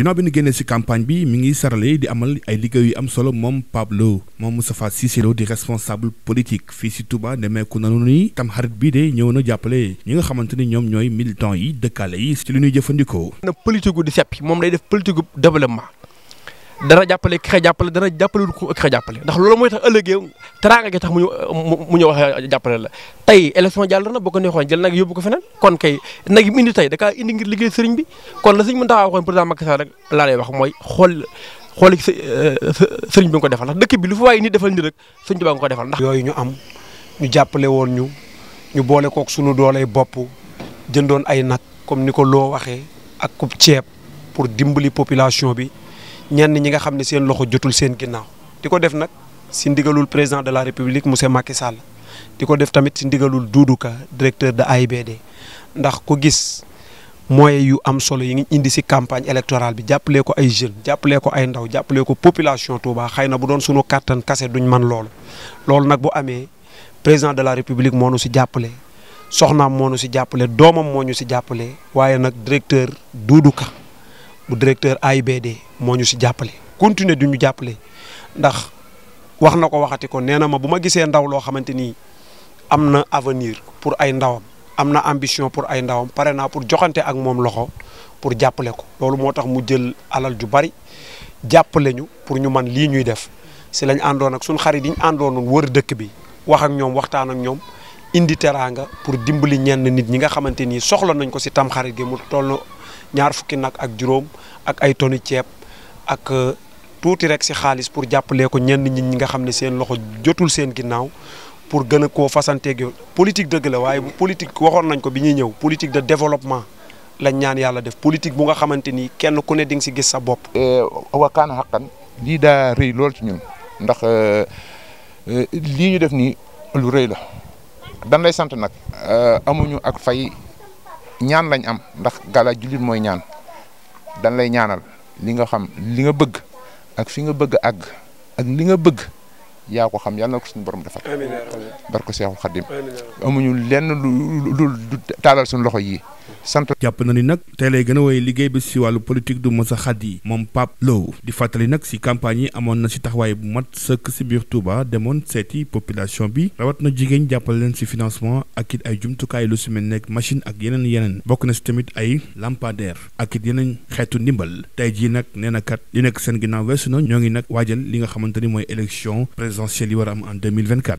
ginnaaw bi ñu génnee ci campagne bi mi ngi sarale di amal ay liggéey yu am solo moom Pablo moom si Cissé Lo di responsable politique fii ci Touba demeeku nanu tam tamxarit bii de ñëw na jàppale ñi nga xamante ni ñoom ñooy militants yi dëkkaale yi ci lu ñuy jëfandikoo. na politique gu moom lay def politique gu développement. dana jàppale ki xëy jàppale dana jàppale ko ki jàppale ndax loolu mooy tax ëllëgee teraanga gi ñu mu ñu wax jàppale la tey élection jàll na boo ko neexoon jël nag yóbbu ko feneen kon kay nag yi mu indi tey da indi ngir liggéey sëriñ bi kon la sëriñ mën taxaw waxoon président Macky Sall rek laa wax mooy xool xool eh, sëriñ bi nga ko defal ndax dëkk bi lu fa waaye ni defal ni rek sëriñ Tuubaa nga ko defal ndax yooyu ñu am ñu jàppale woon ñu ñu boole kook suñu dooley bopp jëndoon ay nag comme ni ko loo waxee ak kub ceeb pour dimbali population bi ñenn ñi nga xam ne seen loxo jotul seen ginnaaw di ko def nag si ndigalul président de la république monsieur Macky Sall di ko def tamit si ndigalul Doudou Ka directeur de AIBD ndax ko gis moyens yu am solo yi ngi indi si campagne électorale bi jàppalee ko ay jeunes jàppalee ko ay ndaw jàppale ko population Touba xëy na bu doon sunu kàttan kase duñ man loolu loolu nag bu amee président de la république moo nu si jàppale soxnaam moo nu si jàppale doomam moo ñu si jàppale waaye nag directeur Doudou bu directeur AIBD moo ñu si jàppale continuer du ñu jàppale ndax wax na ko waxati ko nee na ma bu ma gisee ndaw loo xamante ni am na avenir pour ay ndawam am na ambition pour ay ndawam pare naa pour joxante ak moom loxo pour jàppale ko loolu moo tax mu jël alal ju bari jàppale ñu pour ñu man lii ñuy def si lañ àndoon ak suñ xarit yi ñu àndoon wër dëkk bi waxak ñoom waxtaan ak ñoom indi teraanga pour dimbali ñenn nit ñi nga xamante ni soxla nañ ko si tam gi mu toll ñaar fukki nag ak juróom ak ay toni ceeb ak euh, tuuti rek si xaalis pour jàppalee ko ñenn ñi ñi nga xam ne seen loxo jotul seen ginnaaw pour gën a koo fasanteeg yow politique dëgg la waaye bu politique waxoon nañ ko bi ñuy ñëw politique de développement lañ ñaan yàlla def politique bu nga xamante ni kenn ku ne di nga si gis sa bopp. Euh, wakaan xaqan lii daa rëy lool ci ñun ndax euh, lii ñu def nii lu rëy la. dan lay sant nag amuñu ak fay. ñaan lañ am ndax gala jullit mooy ñaan dañ lay ñaanal li nga xam li nga bëgg ak fi nga bëgg àgg ak li nga bëgg yaa ko xam yàlla na ko suñu borom defal barko Seexu Xaddim amuñu lenn lu lu taalal suñu loxo yi sant jàpp na ni nag tey lay gën a woy liggéey bi si wàllu politique du mos a moom Pape Lo di fàttali nag si campagne yi amoon na si taxawaay bu mat sëkk si biir Touba demoon seeti population bi rawat na jigéen jàppale leen si financement ak it ay jumtukaay lu si mel nekk machine ak yeneen yeneen bokk na si tamit ay lampadaire ak it yeneen xeetu ndimbal tey ji nag nee na kat li nekk seen ginnaaw weesu na ñoo ngi nag waajal li nga xamante mooy élection présidentielle yi war a